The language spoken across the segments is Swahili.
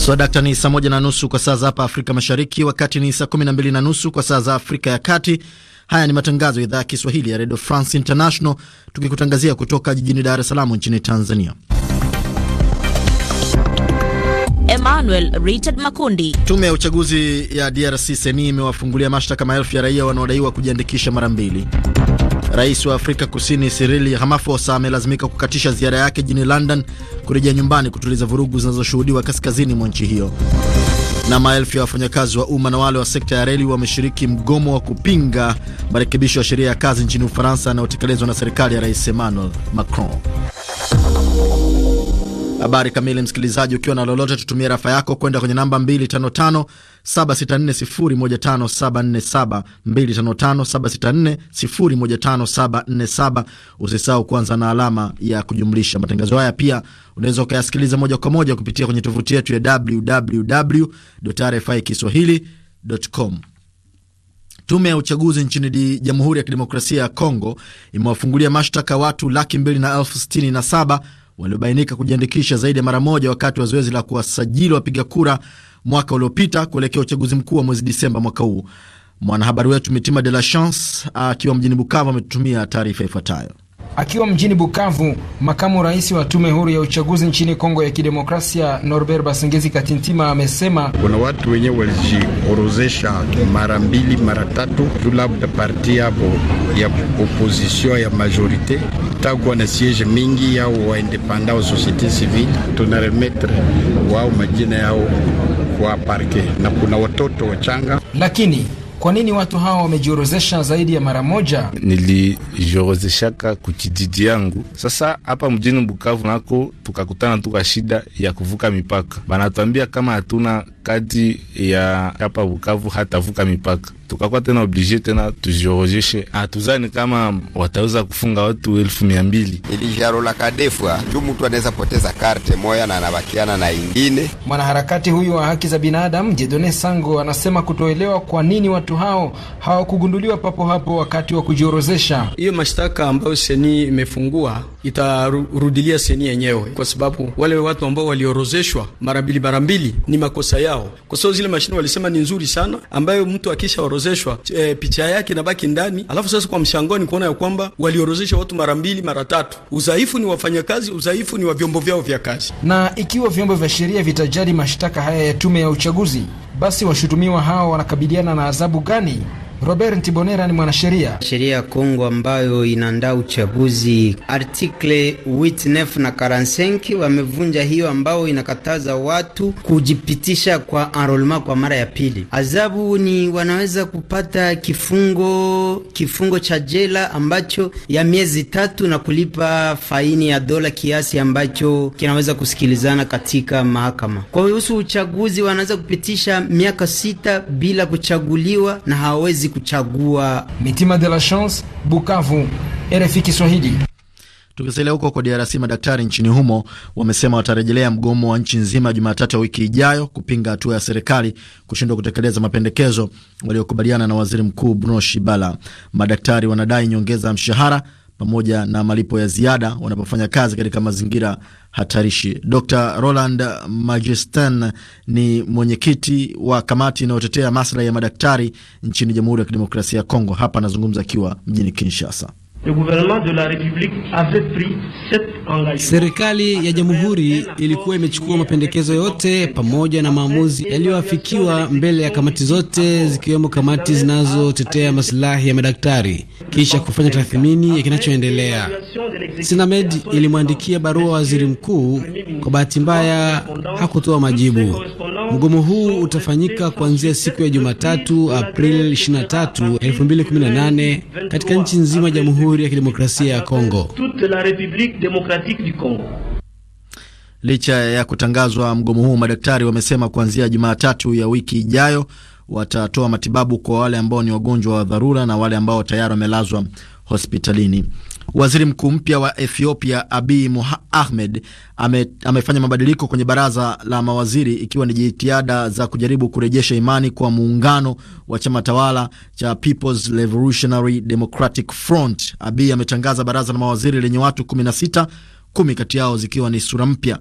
Swadakta ni saa moja na nusu kwa saa za hapa Afrika Mashariki, wakati ni saa kumi na mbili na nusu kwa saa za Afrika ya Kati. Haya ni matangazo ya idhaa ya Kiswahili ya Redio France International, tukikutangazia kutoka jijini Dar es Salaam nchini Tanzania. Emmanuel Richard Makundi. Tume ya uchaguzi ya DRC Seni imewafungulia mashtaka maelfu ya raia wanaodaiwa kujiandikisha mara mbili. Rais wa Afrika Kusini Cyril Ramaphosa amelazimika kukatisha ziara yake jijini London kurejea nyumbani kutuliza vurugu zinazoshuhudiwa kaskazini mwa nchi hiyo. Na maelfu ya wafanyakazi wa umma na wale wa sekta ya reli wameshiriki mgomo wa kupinga marekebisho ya sheria ya kazi nchini Ufaransa yanayotekelezwa na serikali ya Rais Emmanuel Macron. Habari kamili, msikilizaji, ukiwa na lolote, tutumie rafa yako kwenda kwenye namba 255 764015747255764015747. Usisahau kuanza na alama ya kujumlisha. Matangazo haya pia unaweza ukayasikiliza moja kwa moja kupitia kwenye tovuti yetu ya www.rfikiswahili.com. Tume ya uchaguzi nchini Jamhuri ya Kidemokrasia ya Kongo imewafungulia mashtaka watu laki mbili na elfu sitini na saba waliobainika kujiandikisha zaidi ya mara moja wakati wa zoezi la kuwasajili wapiga kura mwaka uliopita kuelekea uchaguzi mkuu wa mwezi Disemba mwaka huu. Mwanahabari wetu Mitima De La Chance akiwa mjini Bukavu ametutumia taarifa ifuatayo. Akiwa mjini Bukavu, makamu rais wa tume huru ya uchaguzi nchini Kongo ya Kidemokrasia, Norbert Basengezi Katintima, amesema kuna watu wenyewe walijiorozesha mara mbili mara tatu tu, labda parti yapo ya opposition ya majorite takuwa na siege mingi yao waindepanda wa societe civile, tunaremetre wao majina yao kwa parke na kuna watoto wachanga lakini kwa nini watu hawa wamejiorozesha zaidi ya mara moja? Nilijiorozeshaka kukijiji yangu, sasa hapa mjini Bukavu nako tukakutana tuka shida ya kuvuka mipaka, banatuambia kama hatuna kati ya hapa Bukavu hatavuka mipaka, tukakuwa tena oblige tena tujiorozeshe. Hatuzani ah, kama wataweza kufunga watu elfu mia mbili ilijaro la kadefwa ah. juu mtu anaweza poteza karte moya na anabakiana na ingine. Mwanaharakati huyu wa haki za binadamu Jedone Sango anasema kutoelewa kwa nini watu hao hawakugunduliwa papo hapo wakati wa kujiorozesha. Hiyo mashtaka ambayo seni imefungua itarudilia seni yenyewe, kwa sababu wale watu ambao waliorozeshwa mara mbili mara mbili ni makosa yao, kwa sababu zile mashine walisema ni nzuri sana, ambayo mtu akishaorozeshwa e, picha yake inabaki ndani. Alafu sasa kwa mshangoni kuona ya kwamba waliorozesha watu mara mbili mara tatu. Udhaifu ni wafanyakazi, udhaifu ni wa vyombo vyao vya kazi. Na ikiwa vyombo vya sheria vitajali mashtaka haya ya tume ya uchaguzi, basi washutumiwa hao wanakabiliana na adhabu gani? Robert Ntibonera ni mwanasheria sheria ya Kongo ambayo inaandaa uchaguzi. Artikle 89 na 45 wamevunja hiyo, ambao inakataza watu kujipitisha kwa enrolema kwa mara ya pili. Adhabu ni wanaweza kupata kifungo kifungo cha jela ambacho ya miezi tatu na kulipa faini ya dola kiasi ambacho kinaweza kusikilizana katika mahakama. Kwa husu uchaguzi, wanaweza kupitisha miaka sita bila kuchaguliwa na hawawezi kuchagua. Mitima de la Chance, Bukavu, RFI Kiswahili. Tukisalia huko kwa DRC, madaktari nchini humo wamesema watarejelea mgomo wa nchi nzima Jumatatu ya wiki ijayo kupinga hatua ya serikali kushindwa kutekeleza mapendekezo waliokubaliana na waziri mkuu Bruno Shibala. Madaktari wanadai nyongeza ya mshahara pamoja na malipo ya ziada wanapofanya kazi katika mazingira hatarishi. Dr Roland Majestan ni mwenyekiti wa kamati inayotetea maslahi ya madaktari nchini Jamhuri ya Kidemokrasia ya Kongo. Hapa anazungumza akiwa mjini Kinshasa. Le gouvernement de la République avait pris cette Serikali ya jamhuri ilikuwa imechukua mapendekezo yote pamoja na maamuzi yaliyoafikiwa mbele ya kamati zote zikiwemo kamati zinazotetea masilahi ya madaktari kisha kufanya tathmini ya kinachoendelea. Sinamed ilimwandikia barua waziri mkuu, kwa bahati mbaya hakutoa majibu. Mgomo huu utafanyika kuanzia siku ya Jumatatu Aprili 23, 2018 katika nchi nzima ya Jamhuri ya Kidemokrasia ya Kongo. Démocratique du Congo. Licha ya kutangazwa mgomo huu, madaktari wamesema kuanzia Jumatatu ya wiki ijayo watatoa matibabu kwa wale ambao ni wagonjwa wa dharura na wale ambao tayari wamelazwa hospitalini. Waziri mkuu mpya wa Ethiopia Abiy Ahmed ame, amefanya mabadiliko kwenye baraza la mawaziri ikiwa ni jitihada za kujaribu kurejesha imani kwa muungano wa chama tawala cha People's Revolutionary Democratic Front. Abiy ametangaza baraza la mawaziri lenye watu 16, kumi kati yao zikiwa ni sura mpya.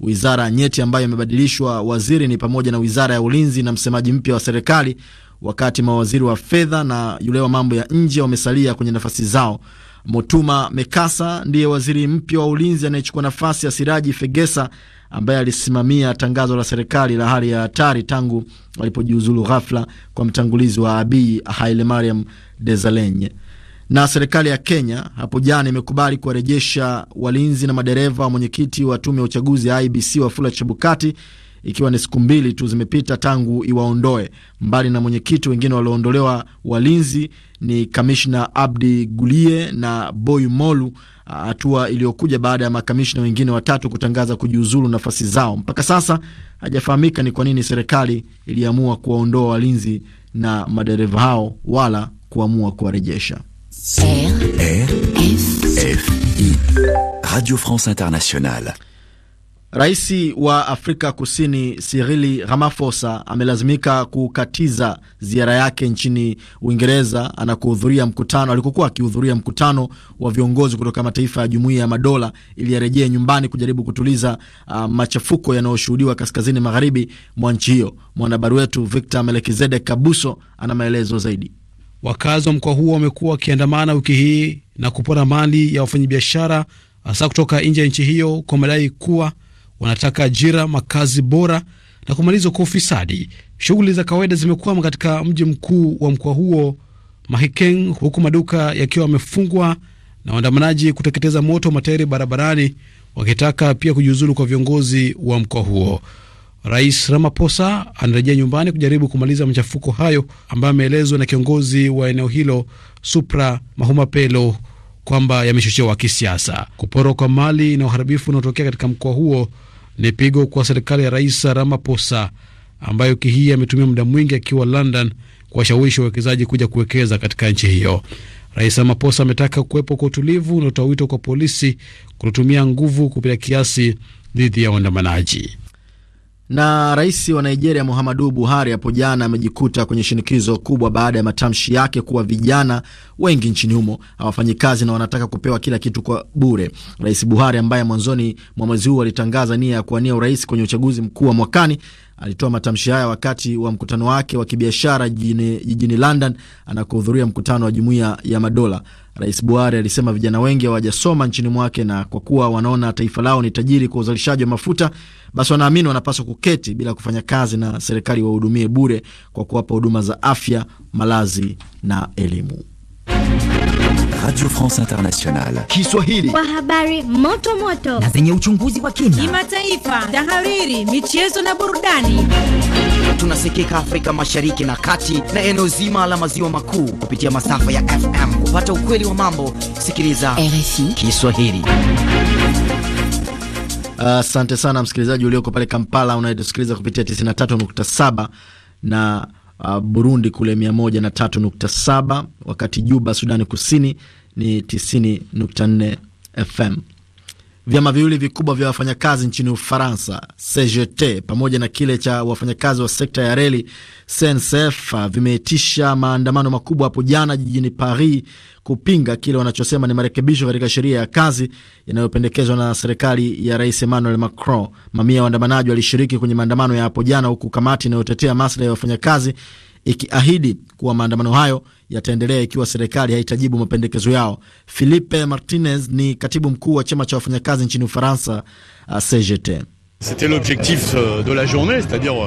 Wizara nyeti ambayo imebadilishwa waziri ni pamoja na wizara ya ulinzi na msemaji mpya wa serikali, wakati mawaziri wa fedha na yule wa mambo ya nje wamesalia kwenye nafasi zao. Motuma Mekasa ndiye waziri mpya wa ulinzi anayechukua nafasi ya Siraji Fegesa ambaye alisimamia tangazo la serikali la hali ya hatari tangu alipojiuzulu ghafla kwa mtangulizi wa Abiy Hailemariam Desalegn. Na serikali ya Kenya hapo jana imekubali kuwarejesha walinzi na madereva wa mwenyekiti wa tume ya uchaguzi ya IBC Wafula Chebukati ikiwa ni siku mbili tu zimepita tangu iwaondoe. Mbali na mwenyekiti, wengine walioondolewa walinzi ni kamishna Abdi Gulie na Boy Molu, hatua iliyokuja baada ya makamishna wengine watatu kutangaza kujiuzulu nafasi zao. Mpaka sasa hajafahamika ni kwa nini serikali iliamua kuwaondoa walinzi na madereva hao wala kuamua kuwarejesha. Radio France Internationale Rais wa Afrika Kusini Cyril Ramaphosa amelazimika kukatiza ziara yake nchini Uingereza anakohudhuria mkutano alikokuwa akihudhuria mkutano wa viongozi kutoka mataifa ya Jumuiya ya Madola ili arejee nyumbani kujaribu kutuliza uh, machafuko yanayoshuhudiwa kaskazini magharibi mwa nchi hiyo. Mwanahabari wetu Victor Melekizedek Kabuso ana maelezo zaidi. Wakazi wa mkoa huo wamekuwa wakiandamana wiki hii na kupora mali ya wafanyabiashara hasa kutoka nje ya nchi hiyo kwa madai kuwa wanataka ajira, makazi bora na kumalizwa kwa ufisadi. Shughuli za kawaida zimekwama katika mji mkuu wa mkoa huo Mahikeng, huku maduka yakiwa yamefungwa na waandamanaji kuteketeza moto matairi barabarani, wakitaka pia kujiuzulu kwa viongozi wa mkoa huo. Rais Ramaphosa anarejea nyumbani kujaribu kumaliza machafuko hayo ambayo ameelezwa na kiongozi wa eneo hilo Supra Mahumapelo kwamba yamechochewa kisiasa. Kuporwa kwa mali na uharibifu unaotokea katika mkoa huo ni pigo kwa serikali ya Rais Ramaphosa ambayo wiki hii ametumia muda mwingi akiwa London kuwashawishi wawekezaji kuja kuwekeza katika nchi hiyo. Rais Ramaphosa ametaka kuwepo kwa utulivu unaotoa wito kwa polisi kutotumia nguvu kupita kiasi dhidi ya waandamanaji. Na rais wa Nigeria Muhammadu Buhari hapo jana amejikuta kwenye shinikizo kubwa baada ya matamshi yake kuwa vijana wengi nchini humo hawafanyi kazi na wanataka kupewa kila kitu kwa bure. Rais Buhari ambaye mwanzoni mwa mwezi huu alitangaza nia ya kuwania urais kwenye uchaguzi mkuu wa mwakani alitoa matamshi haya wakati wa mkutano wake wa kibiashara jijini London anakohudhuria mkutano wa Jumuiya ya Madola. Rais Buhari alisema vijana wengi hawajasoma nchini mwake, na kwa kuwa wanaona taifa lao ni tajiri kwa uzalishaji wa mafuta, basi wanaamini wanapaswa kuketi bila kufanya kazi na serikali wahudumie bure kwa kuwapa huduma za afya, malazi na elimu. Radio France Internationale. Kiswahili. Kwa habari moto moto na zenye uchunguzi wa kina, kimataifa, tahariri, michezo na burudani. Tunasikika Afrika Mashariki na Kati na eneo zima la maziwa makuu kupitia masafa ya FM. Kupata ukweli wa mambo, sikiliza RFI Kiswahili. Asante uh, sana msikilizaji ulioko pale Kampala unayetusikiliza kupitia 93.7 na uh, Burundi kule 103.7, wakati Juba Sudani Kusini ni 90.4 FM. Vyama viwili vikubwa vya wafanyakazi nchini Ufaransa, CGT pamoja na kile cha wafanyakazi wa sekta ya reli SNCF vimeitisha maandamano makubwa hapo jana jijini Paris kupinga kile wanachosema ni marekebisho katika sheria ya kazi yanayopendekezwa na serikali ya Rais Emmanuel Macron. Mamia ya waandamanaji walishiriki kwenye maandamano ya hapo jana, huku kamati inayotetea maslahi ya wafanyakazi ikiahidi kuwa maandamano hayo yataendelea ikiwa serikali haitajibu mapendekezo yao. Filipe Martinez ni katibu mkuu wa chama cha wafanyakazi nchini Ufaransa, uh, CGT. Euh, euh,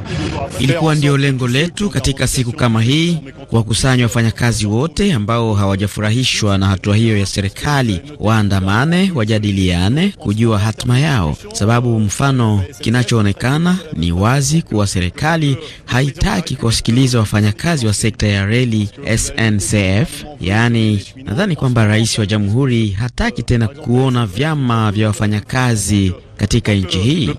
Ilikuwa ndio lengo letu katika siku kama hii, kuwakusanya wafanyakazi wote ambao hawajafurahishwa na hatua hiyo ya serikali, waandamane, wajadiliane, kujua hatima yao, sababu mfano, kinachoonekana ni wazi kuwa serikali haitaki kuwasikiliza wafanyakazi wa sekta ya reli SNCF. Yaani, nadhani kwamba rais wa jamhuri hataki tena kuona vyama vya wafanyakazi katika nchi hii.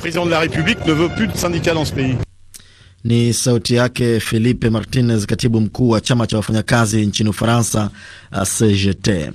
Ni sauti yake Felipe Martinez, katibu mkuu wa chama cha wafanyakazi nchini Ufaransa, uh, CGT.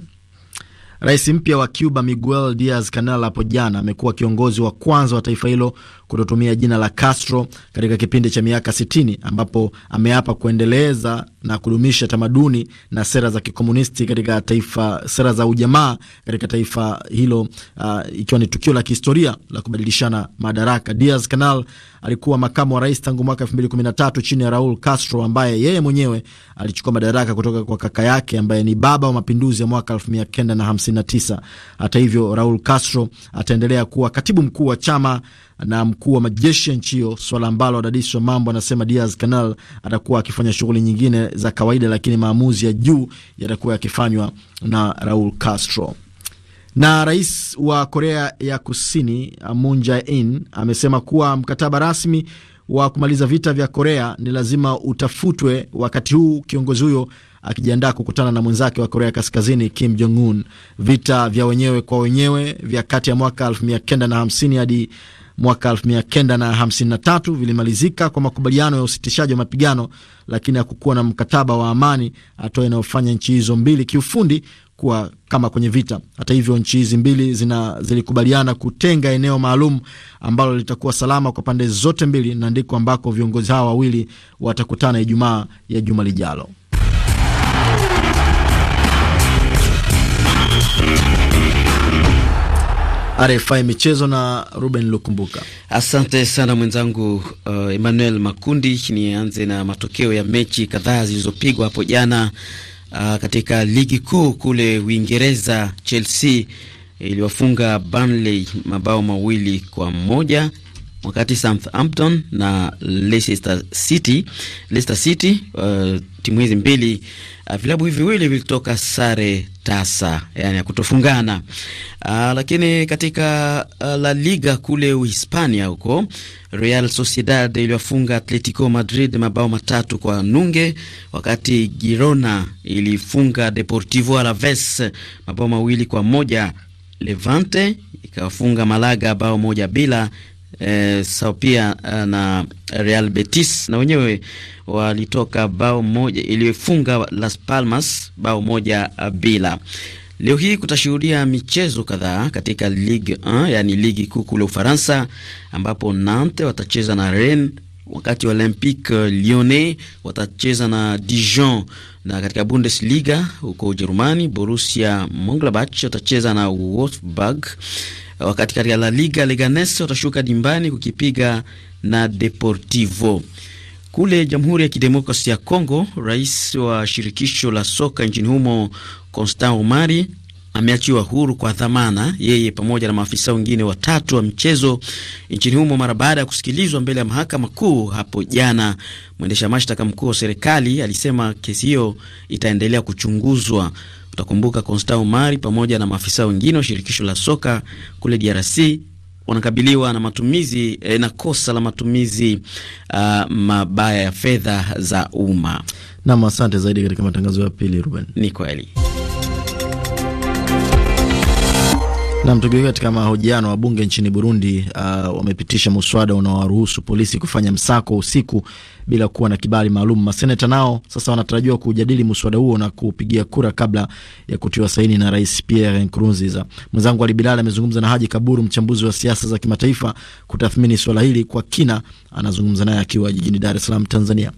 Rais mpya wa Cuba Miguel Diaz Canel hapo jana amekuwa kiongozi wa kwanza wa taifa hilo kutotumia jina la Castro katika kipindi cha miaka 60 ambapo ameapa kuendeleza na kudumisha tamaduni na sera za kikomunisti katika taifa, sera za ujamaa katika taifa hilo, uh, ikiwa ni tukio la kihistoria la kubadilishana madaraka. Diaz Canal alikuwa makamu wa rais tangu mwaka 2013 chini ya Raul Castro ambaye yeye mwenyewe alichukua madaraka kutoka kwa kaka yake ambaye ni baba wa mapinduzi ya mwaka 1959. Hata hivyo, Raul Castro ataendelea kuwa katibu mkuu wa chama na mkuu wa majeshi ya nchi hiyo, swala ambalo wadadisi wa mambo anasema Diaz Canal atakuwa akifanya shughuli nyingine za kawaida, lakini maamuzi ya juu yatakuwa yakifanywa na Raul Castro. Na rais wa Korea ya Kusini Moon Jae-in amesema kuwa mkataba rasmi wa kumaliza vita vya Korea ni lazima utafutwe, wakati huu kiongozi huyo akijiandaa kukutana na mwenzake wa Korea Kaskazini Kim Jong Un. Vita vya wenyewe kwa wenyewe vya kati ya mwaka 1950 hadi mwaka 1953 vilimalizika kwa makubaliano ya usitishaji wa mapigano, lakini hakukuwa na mkataba wa amani hatua inayofanya nchi hizo mbili kiufundi kuwa kama kwenye vita. Hata hivyo, nchi hizi mbili zina, zilikubaliana kutenga eneo maalum ambalo litakuwa salama kwa pande zote mbili, na ndiko ambako viongozi hawa wawili watakutana Ijumaa ya juma lijalo. RFI Michezo na Ruben Lukumbuka. Asante sana mwenzangu uh, Emmanuel Makundi. Nianze na matokeo ya mechi kadhaa zilizopigwa hapo jana uh, katika ligi kuu kule Uingereza. Chelsea iliwafunga Burnley mabao mawili kwa moja wakati Southampton na Leicester City, Leicester City uh, timu hizi mbili Uh, vilabu hivi viwili vilitoka sare tasa, yani ya kutofungana. Uh, lakini katika uh, La Liga kule Uhispania huko Real Sociedad iliwafunga Atletico Madrid mabao matatu kwa nunge, wakati Girona ilifunga Deportivo Alaves mabao mawili kwa moja. Levante ikawafunga Malaga bao moja bila eh, sao pia eh, na Real Betis na wenyewe walitoka bao moja iliyofunga Las Palmas bao moja eh, bila. Leo hii kutashuhudia michezo kadhaa katika Ligue 1 yani ligi kuu kule Ufaransa, ambapo Nantes watacheza na Rennes wakati Olympique euh, Lyonnais watacheza na Dijon, na katika Bundesliga huko Ujerumani, Borussia Monchengladbach watacheza na Wolfsburg, wakati katika La Liga Leganes watashuka dimbani kukipiga na Deportivo. Kule Jamhuri ya Kidemokrasi ya Kongo, rais wa shirikisho la soka nchini humo Constant Omari ameachiwa huru kwa dhamana, yeye pamoja na maafisa wengine watatu wa mchezo nchini humo mara baada ya kusikilizwa mbele ya mahakama kuu hapo jana. Mwendesha mashtaka mkuu wa serikali alisema kesi hiyo itaendelea kuchunguzwa. Utakumbuka Constant Omari pamoja na maafisa wengine wa shirikisho la soka kule DRC wanakabiliwa na matumizi eh, na kosa la matumizi uh, mabaya ya fedha za umma. Nam, asante zaidi katika matangazo ya pili, Ruben. Ni kweli. Nam, tugeuke katika mahojiano. Wabunge nchini Burundi uh, wamepitisha muswada unaowaruhusu polisi kufanya msako usiku bila kuwa na kibali maalum. Maseneta nao sasa wanatarajiwa kujadili muswada huo na kupigia kura kabla ya kutiwa saini na Rais Pierre Nkurunziza. Mwenzangu Ali Bilal amezungumza na Haji Kaburu, mchambuzi wa siasa za kimataifa, kutathmini swala hili kwa kina. Anazungumza naye akiwa jijini Dar es Salaam, Tanzania.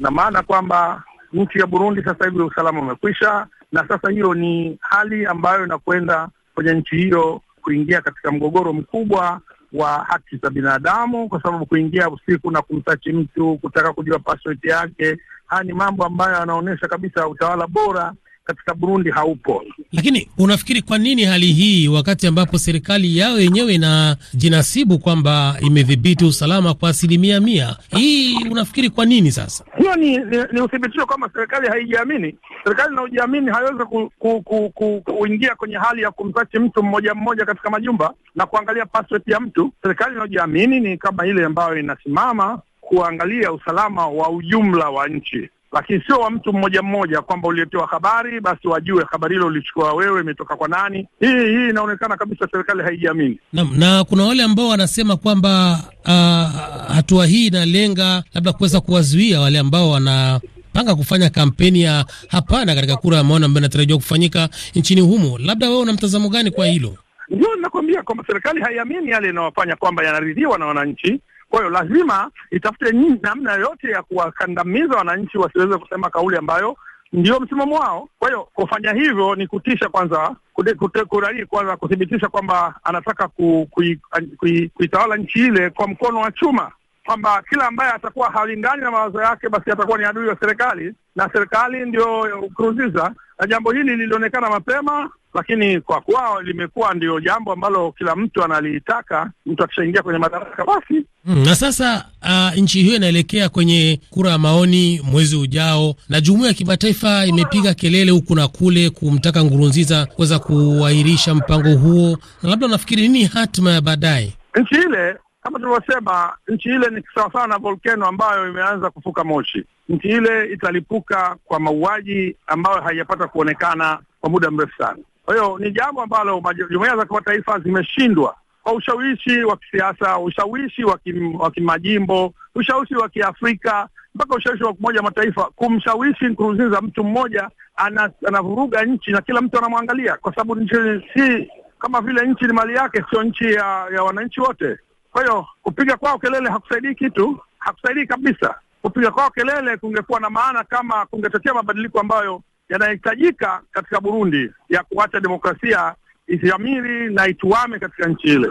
Na maana kwamba nchi ya Burundi sasa hivi usalama umekwisha, na sasa hilo ni hali ambayo inakwenda kwenye nchi hiyo kuingia katika mgogoro mkubwa wa haki za binadamu, kwa sababu kuingia usiku na kumsachi mtu, kutaka kujua passport yake, haya ni mambo ambayo yanaonyesha kabisa utawala bora katika Burundi haupo. Lakini unafikiri kwa nini hali hii, wakati ambapo serikali yao yenyewe inajinasibu kwamba imedhibiti usalama kwa asilimia mia? Hii unafikiri kwa nini sasa? Hiyo ni, ni, ni uthibitisho kwamba serikali haijiamini. Serikali inayojiamini haiwezi ku, ku, ku, ku, kuingia kwenye hali ya kumsachi mtu mmoja mmoja katika majumba na kuangalia password ya mtu. Serikali inayojiamini ni kama ile ambayo inasimama kuangalia usalama wa ujumla wa nchi lakini sio wa mtu mmoja mmoja, kwamba uliletewa habari basi wajue habari hilo ulichukua wewe, imetoka kwa nani. Hii hii inaonekana kabisa serikali haijiamini. Naam, na kuna wale ambao wanasema kwamba uh, hatua hii inalenga labda kuweza kuwazuia wale ambao wana panga kufanya kampeni ya hapana katika kura ya maoni ambayo inatarajiwa kufanyika nchini humo. Labda wewe una mtazamo gani kwa hilo? Ndio, ninakwambia kwamba serikali haiamini yale inayofanya kwamba yanaridhiwa na wananchi, kwa hiyo lazima itafute namna yote ya kuwakandamiza wananchi wasiweze kusema kauli ambayo ndio msimamo wao. Kwa hiyo kufanya hivyo ni kutisha kwanza, kurahii kwanza, kuthibitisha kwamba anataka kuitawala ku, ku, ku, nchi ile kwa mkono wa chuma, kwamba kila ambaye atakuwa halingani na mawazo yake basi atakuwa ni adui wa serikali na serikali ndio Nkurunziza, na jambo hili lilionekana mapema lakini kwa kwao limekuwa ndio jambo ambalo kila mtu analiitaka. Mtu akishaingia kwenye madaraka basi mm. Na sasa uh, nchi hiyo inaelekea kwenye kura ya maoni mwezi ujao, na jumuiya ya kimataifa imepiga kelele huku na kule kumtaka Ngurunziza kuweza kuahirisha mpango huo, na labda unafikiri nini hatima ya baadaye nchi ile? Kama tulivyosema, nchi ile ni sawasawa na volkeno ambayo imeanza kufuka moshi. Nchi ile italipuka kwa mauaji ambayo haijapata kuonekana kwa muda mrefu sana. Kwa hiyo ni jambo ambalo jumuiya za kimataifa zimeshindwa kwa ushawishi wa kisiasa, ushawishi wa kimajimbo, ushawishi wa Kiafrika, mpaka ushawishi wa Umoja Mataifa kumshawishi Nkurunziza. Mtu mmoja anavuruga nchi na kila mtu anamwangalia, kwa sababu nchi si kama vile nchi ni mali yake, sio nchi ya, ya wananchi wote. Kwa hiyo kupiga kwao kelele hakusaidii kitu, hakusaidii kabisa. Kupiga kwao kelele kungekuwa na maana kama kungetokea mabadiliko ambayo yanayohitajika katika Burundi ya kuacha demokrasia ishamiri na ituame katika nchi ile.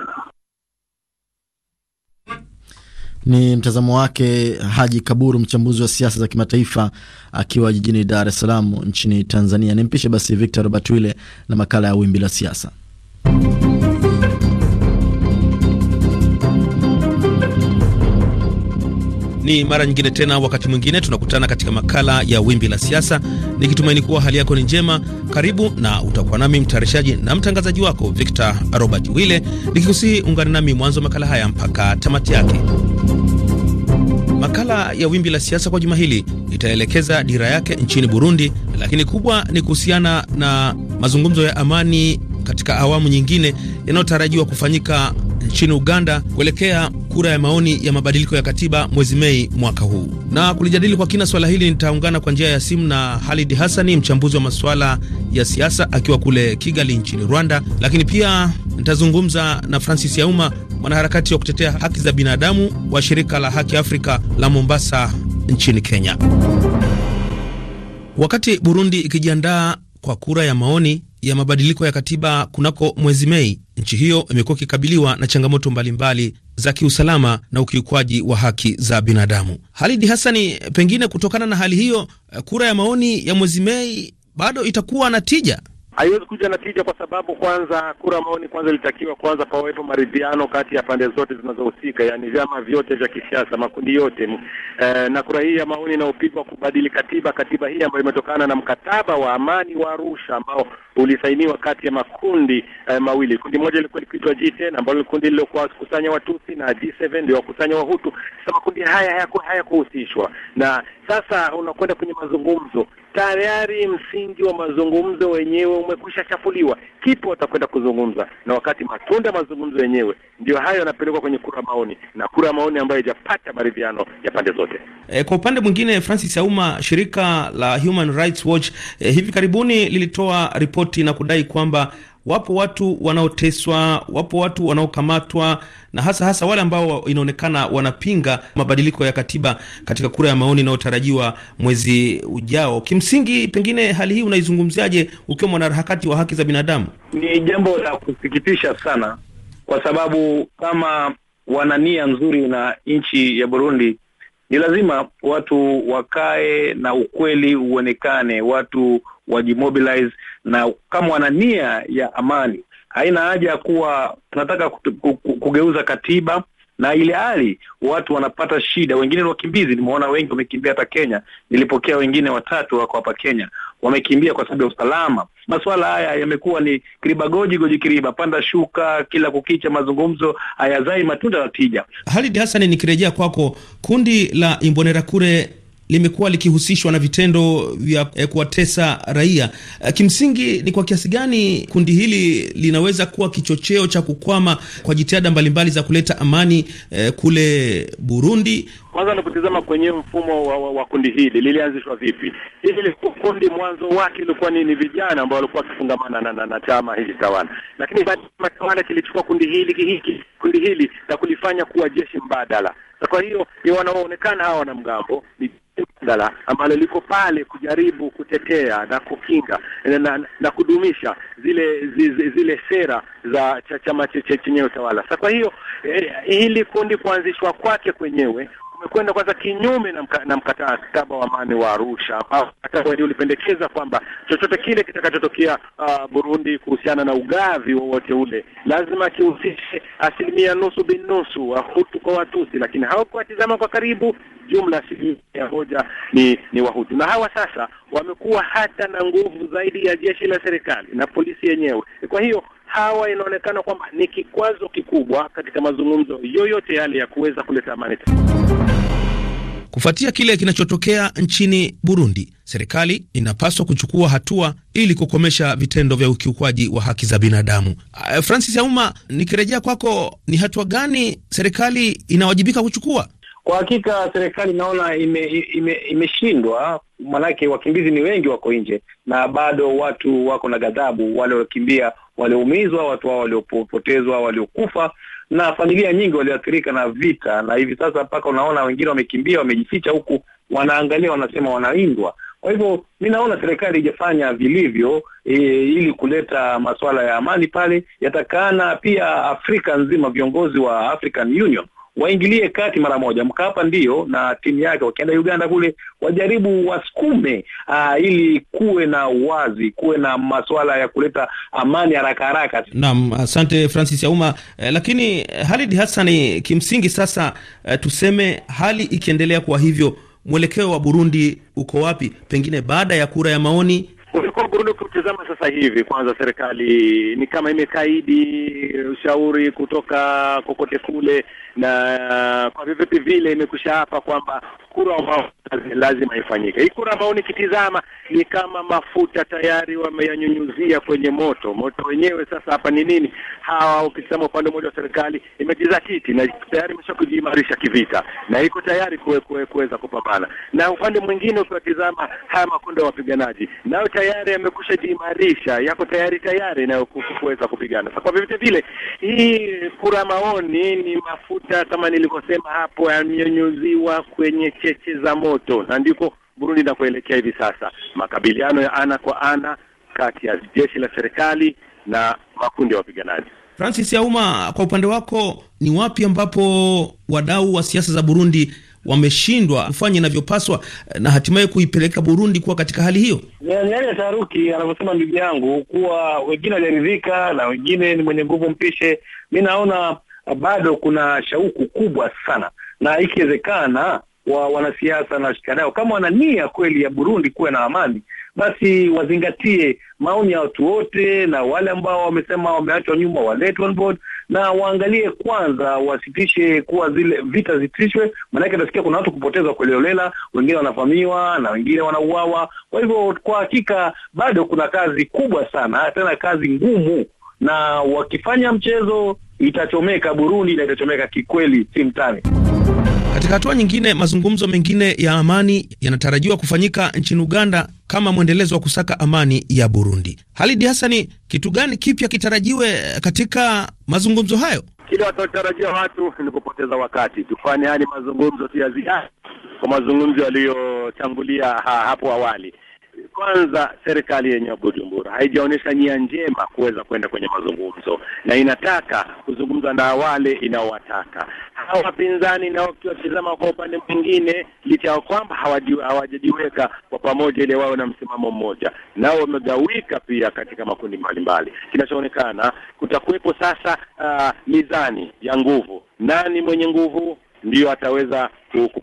Ni mtazamo wake Haji Kaburu, mchambuzi wa siasa za kimataifa, akiwa jijini Dar es Salaam nchini Tanzania. Nimpishe basi Victor Robert Wile na makala ya Wimbi la Siasa. Ni mara nyingine tena, wakati mwingine tunakutana katika makala ya Wimbi la Siasa, nikitumaini kuwa hali yako ni njema. Karibu na utakuwa nami mtayarishaji na mtangazaji wako Victor Robert Wille, nikikusihi ungane nami mwanzo wa makala haya mpaka tamati yake. Makala ya Wimbi la Siasa kwa juma hili itaelekeza dira yake nchini Burundi, lakini kubwa ni kuhusiana na mazungumzo ya amani katika awamu nyingine yanayotarajiwa kufanyika nchini Uganda kuelekea kura ya maoni ya mabadiliko ya katiba mwezi Mei mwaka huu. Na kulijadili kwa kina swala hili, nitaungana kwa njia ya simu na halidi Hassani, mchambuzi wa masuala ya siasa akiwa kule Kigali nchini Rwanda, lakini pia nitazungumza na Francis Yauma, mwanaharakati wa kutetea haki za binadamu wa shirika la Haki Afrika la Mombasa nchini Kenya. Wakati Burundi ikijiandaa kwa kura ya maoni ya mabadiliko ya katiba kunako mwezi Mei, Nchi hiyo imekuwa ikikabiliwa na changamoto mbalimbali za kiusalama na ukiukwaji wa haki za binadamu. Halidi Hassani, pengine kutokana na hali hiyo, kura ya maoni ya mwezi Mei bado itakuwa na tija? haiwezi kuja na tija kwa sababu kwanza kura maoni kwanza ilitakiwa kwanza pawepo maridhiano kati ya pande zote zinazohusika, yani vyama vyote vya kisiasa, makundi yote e, na kura hii ya maoni inayopigwa kubadili katiba, katiba hii ambayo imetokana na mkataba wa amani wa Arusha ambao ulisainiwa kati ya makundi e, mawili. Kundi moja ilikuwa likiitwa G10 ambalo kundi lilokuwa kusanya Watusi na G7 ndio wakusanya Wahutu. Sasa makundi haya hayakuhusishwa, haya na sasa unakwenda kwenye mazungumzo tayari msingi wa mazungumzo wenyewe umekwisha chafuliwa. Kipo watakwenda kuzungumza, na wakati matunda mazungumzo yenyewe ndio hayo yanapelekwa kwenye kura maoni, na kura maoni ambayo haijapata maridhiano ya pande zote. E, kwa upande mwingine, Francis Auma, shirika la Human Rights Watch e, hivi karibuni lilitoa ripoti na kudai kwamba wapo watu wanaoteswa, wapo watu wanaokamatwa, na hasa hasa wale ambao inaonekana wanapinga mabadiliko ya katiba katika kura ya maoni inayotarajiwa mwezi ujao. Kimsingi, pengine hali hii unaizungumziaje ukiwa mwanaharakati wa haki za binadamu? Ni jambo la kusikitisha sana, kwa sababu kama wana nia nzuri na nchi ya Burundi, ni lazima watu wakae na ukweli uonekane, watu wajimobilize na kama wana nia ya amani, haina haja ya kuwa tunataka kugeuza katiba na ile hali watu wanapata shida, wengine ni wakimbizi. Nimeona wengi wamekimbia hata Kenya, nilipokea wengine watatu wako hapa Kenya, wamekimbia kwa sababu ya usalama. Masuala haya yamekuwa ni kiriba goji goji, kiriba panda shuka, kila kukicha mazungumzo hayazai matunda na tija. Halid Hassan, nikirejea kwako, kundi la Imbonerakure limekuwa likihusishwa na vitendo vya eh, kuwatesa raia. Eh, kimsingi ni kwa kiasi gani kundi hili linaweza kuwa kichocheo cha kukwama kwa jitihada mbalimbali za kuleta amani eh, kule Burundi? Kwanza nikutizama kwenye mfumo wa, wa, wa kundi hili lilianzishwa vipi? Hili lilikuwa kundi mwanzo wake ilikuwa ni vijana ambao walikuwa wakifungamana na, na, na chama hiki tawala, lakini baada ya chama tawala kilichukua kundi hili hiki kundi hili na kulifanya kuwa jeshi mbadala na kwa hiyo ni wanaoonekana hawa wanamgambo ni Ndala ambalo liko pale kujaribu kutetea na kukinga na, na, na kudumisha zile zile, zile sera za chama chenye utawala. Sasa kwa hiyo eh, hili kundi kuanzishwa kwake kwenyewe umekwenda kwanza kinyume na, mka, na wa amani wa Arusha ambao mkataba wenyewe ulipendekeza kwamba chochote kile kitakachotokea uh, Burundi kuhusiana na ugavi wowote ule lazima kihusishe asilimia nusu binusu Wahutu kwa Watusi, lakini hawakuwatizama kwa karibu. Jumla asilimia moja ni, ni Wahutu, na hawa sasa wamekuwa hata na nguvu zaidi ya jeshi la serikali na polisi yenyewe. Kwa hiyo hawa inaonekana kwamba ni kikwazo kikubwa katika mazungumzo yoyote yale ya kuweza kuleta amani. Kufuatia kile kinachotokea nchini Burundi, serikali inapaswa kuchukua hatua ili kukomesha vitendo vya ukiukwaji wa haki za binadamu. Eh, Francis Auma, nikirejea kwako, ni hatua gani serikali inawajibika kuchukua? Kwa hakika serikali inaona imeshindwa, ime, ime maanake wakimbizi ni wengi wako nje, na bado watu wako na ghadhabu, wale waliokimbia walioumizwa, watu hao waliopotezwa, waliokufa na familia nyingi walioathirika na vita, na hivi sasa mpaka unaona wengine wamekimbia, wamejificha huku, wanaangalia wanasema wanaindwa Kwa hivyo mi naona serikali ijafanya vilivyo e, ili kuleta masuala ya amani pale yatakana. Pia Afrika nzima, viongozi wa African Union waingilie kati mara moja. Mkapa ndiyo na timu yake wakienda Uganda kule wajaribu wasukume, uh, ili kuwe na uwazi, kuwe na masuala ya kuleta amani haraka haraka. Naam, asante Francis Auma. Eh, lakini Halid Hassani, kimsingi sasa eh, tuseme hali ikiendelea kwa hivyo, mwelekeo wa Burundi uko wapi, pengine baada ya kura ya maoni Burundi ukitizama sasa hivi, kwanza serikali ni kama imekaidi ushauri kutoka kokote kule, na kwa vyovyote vile imekusha hapa kwamba kura ya maoni lazima ifanyike. Hii kura maoni kitizama, ni kama mafuta tayari wameyanyunyuzia kwenye moto. Moto wenyewe sasa hapa ni nini? Hawa ukitizama upande mmoja wa serikali imejizatiti na tayari imesha kujiimarisha kivita na iko tayari kuweza kupambana, na upande mwingine ukiwatizama haya makundi ya wapiganaji, nayo tayari yamekusha jiimarisha, yako tayari tayari nayo kuweza kupigana. Kwa vivyo vile, hii kura maoni ni mafuta kama nilivyosema hapo, yanyunyuziwa kwenye cheche za moto, na ndiko Burundi inakoelekea hivi sasa. Makabiliano ya ana kwa ana kati ya jeshi la serikali na makundi ya wapiganaji. Francis Auma, kwa upande wako, ni wapi ambapo wadau wa siasa za Burundi wameshindwa kufanya inavyopaswa eh, na hatimaye kuipeleka Burundi kuwa katika hali hiyo. Ndani ya taharuki anavyosema ndugu yangu, kuwa wengine waliaridhika na wengine ni mwenye nguvu mpishe. Mi naona bado kuna shauku kubwa sana, na ikiwezekana wa wanasiasa na washikadau, kama wana nia kweli ya Burundi kuwe na amani, basi wazingatie maoni ya watu wote, na wale ambao wamesema wameachwa nyuma waletwe on board, na waangalie kwanza, wasitishe kuwa zile vita zitishwe, maanake utasikia kuna watu kupotezwa kweliolela, wengine wanavamiwa na wengine wanauawa. Kwa hivyo, kwa hakika bado kuna kazi kubwa sana, tena kazi ngumu, na wakifanya mchezo itachomeka Burundi na itachomeka kikweli, si mtani. Katika hatua nyingine, mazungumzo mengine ya amani yanatarajiwa kufanyika nchini Uganda kama mwendelezo wa kusaka amani ya Burundi. Halidi hasani kitu gani kipya kitarajiwe katika mazungumzo hayo? Kile watatarajia watu ni kupoteza wakati, tufanye yani mazungumzo tu ya ziada kwa mazungumzo yaliyotangulia hapo awali kwanza serikali yenye Bujumbura haijaonyesha nia njema kuweza kwenda kwenye mazungumzo, na inataka kuzungumza na wale inaowataka. Hawa wapinzani nao wakiwatizama kwa upande mwingine, licha ya kwamba hawajajiweka kwa pamoja ili wawe na msimamo mmoja, nao wamegawika pia katika makundi mbalimbali. Kinachoonekana kutakuwepo sasa uh, mizani ya nguvu, nani mwenye nguvu ndiyo ataweza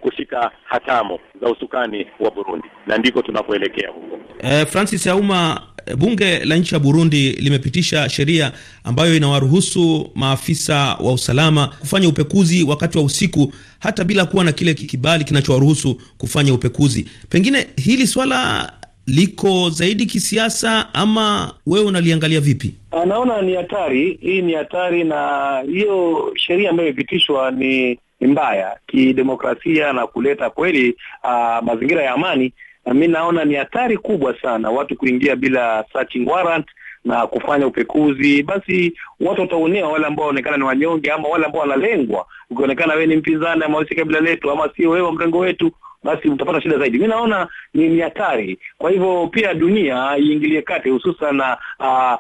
kushika hatamu za usukani wa Burundi, na ndiko tunapoelekea huko. Eh, Francis Auma, bunge la nchi ya Burundi limepitisha sheria ambayo inawaruhusu maafisa wa usalama kufanya upekuzi wakati wa usiku hata bila kuwa na kile kibali kinachowaruhusu kufanya upekuzi. Pengine hili swala liko zaidi kisiasa, ama wewe unaliangalia vipi? Anaona ah, ni hatari, hii ni hatari, na hiyo sheria ambayo imepitishwa ni ni mbaya kidemokrasia na kuleta kweli uh, mazingira ya amani. Na mi naona ni hatari kubwa sana watu kuingia bila searching warrant na kufanya upekuzi, basi watu wataonea wale ambao waonekana ni wanyonge ama wale ambao wanalengwa. Ukionekana wewe ni mpinzani ama si kabila letu ama sio wewe wa mrengo wetu, basi utapata shida zaidi. Mi naona ni hatari, kwa hivyo pia dunia iingilie kati, hususan na uh,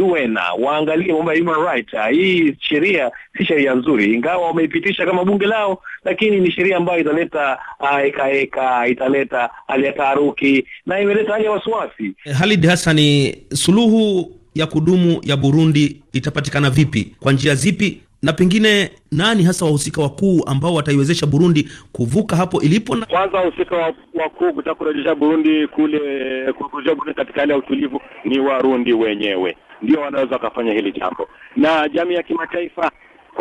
uh, UN waangalie mambo ya human rights. Uh, hii sheria si sheria nzuri, ingawa wameipitisha kama bunge lao, lakini ni sheria ambayo italeta uh, eka, eka italeta hali ya taharuki na imeleta hali ya wasiwasi. Eh, Halid Hassani, suluhu ya kudumu ya Burundi itapatikana vipi? Kwa njia zipi na pengine nani hasa wahusika wakuu ambao wataiwezesha Burundi kuvuka hapo ilipo? Na kwanza wahusika wakuu kutaka kurejesha Burundi kule, kurejesha Burundi katika hali ya utulivu ni Warundi wenyewe, ndio wanaweza wakafanya hili jambo, na jamii ya kimataifa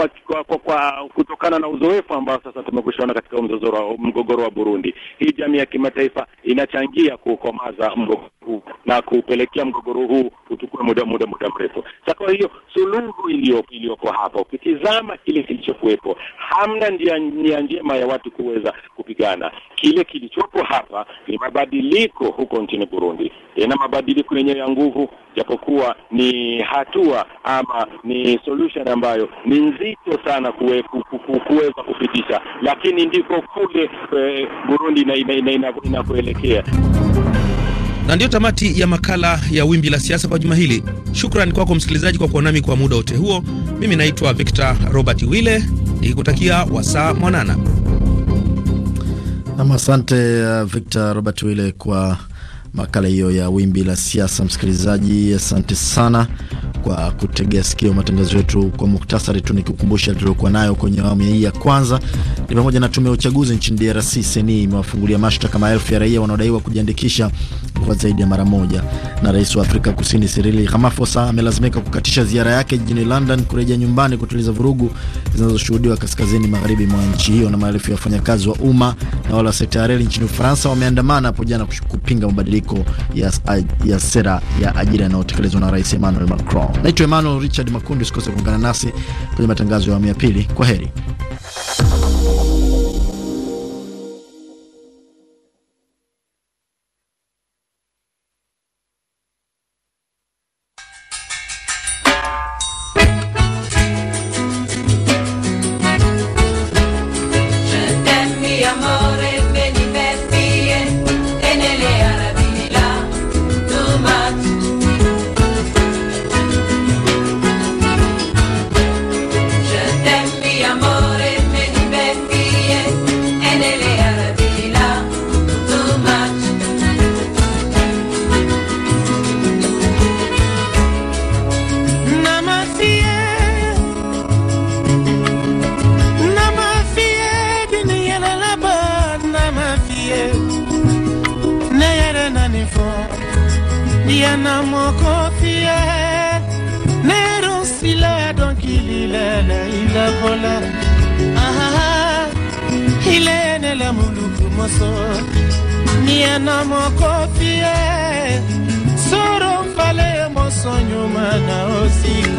kwa, kwa, kwa, kwa kutokana na uzoefu ambao sasa tumekushaona katika mzozoro mgogoro wa Burundi. Hii jamii ya kimataifa inachangia kuukomaza mgogoro huu na kupelekea mgogoro huu uchukue muda muda muda mrefu. Sasa kwa hiyo suluhu iliyoko hapa, ukitizama kile kilichokuwepo, hamna njia njema ya watu kuweza kupigana. Kile kilichopo hapa ni mabadiliko huko nchini Burundi, tena mabadiliko yenyewe ya nguvu, japokuwa ni hatua ama ni solution ambayo ni nzi mzito sana kuweza kupitisha, lakini ndiko kule eh, Burundi inavyoelekea. Na ndiyo tamati ya makala ya Wimbi la Siasa kwa juma hili. Shukrani kwako msikilizaji kwa kuwa nami kwa muda wote huo. Mimi naitwa Victor Robert Wille nikikutakia wasaa mwanana. Nam, asante uh, Victor Robert Wille kwa makala hiyo ya Wimbi la Siasa. Msikilizaji, asante sana kwa kutegea sikio matangazo yetu. Kwa muktasari tu nikikukumbusha tuliokuwa nayo kwenye awamu hii ya kwanza ni pamoja na tume ya uchaguzi nchini DRC seni imewafungulia mashtaka maelfu ya raia wanaodaiwa kujiandikisha kwa zaidi ya mara moja, na rais wa Afrika Kusini Cyril Ramaphosa amelazimika kukatisha ziara yake jijini London kurejea nyumbani kutuliza vurugu zinazoshuhudiwa kaskazini magharibi mwa nchi hiyo. Na maelfu ya wafanyakazi wa umma na wale wa sekta ya reli nchini Ufaransa wameandamana hapo jana kupinga mabadiliko ya, ya sera ya ajira yanayotekelezwa na Rais Emmanuel Macron. Naitwa Emmanuel Richard Makundi. Usikose kuungana nasi kwenye matangazo ya awamu ya pili. Kwa heri.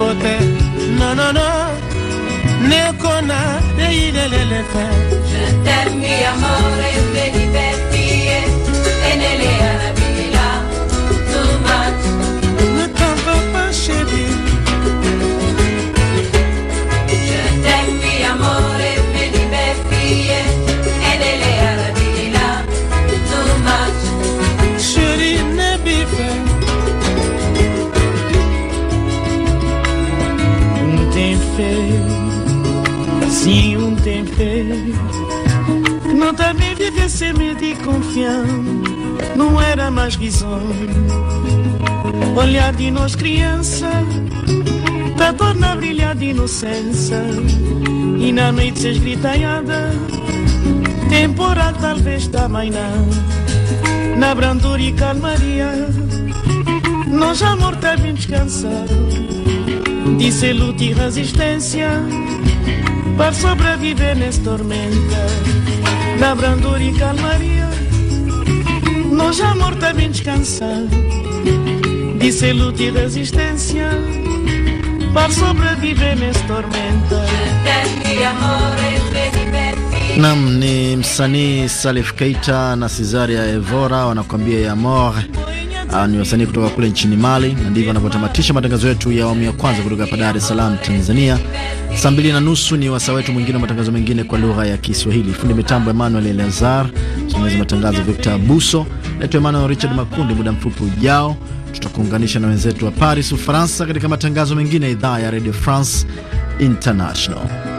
pote nonono nekona eyilelelefe je t'aime mi amore benibet e confiança não era mais risonho. Olhar de nós criança, da torna na brilhar de inocência. E na noite ser esgritanhada, temporal talvez da mainã. Na brandura e calmaria, nós amor tá bem descansado. Disse luta e resistência, para sobreviver nessa tormenta. Na brandura e calmaria. Nós amor também descansar de luta e resistência para sobreviver nesta tormenta. Nam ni msanii Salif Keita na cesária Evora wanakuambia Amor. uh, ni wasanii kutoka kule nchini Mali, na ndivyo anavyotamatisha matangazo yetu ya awamu ya kwanza kutoka hapa Dar es Salaam, Tanzania. Saa mbili na nusu ni wasaa wetu mwingine wa matangazo mengine kwa lugha ya Kiswahili. Fundi mitambo Emmanuel Eleazar, msimamizi matangazo Victor Abuso. Naitwa Emmanuel Richard Makundi. Muda mfupi ujao tutakuunganisha na wenzetu wa Paris, Ufaransa, katika matangazo mengine ya idhaa ya Radio France International.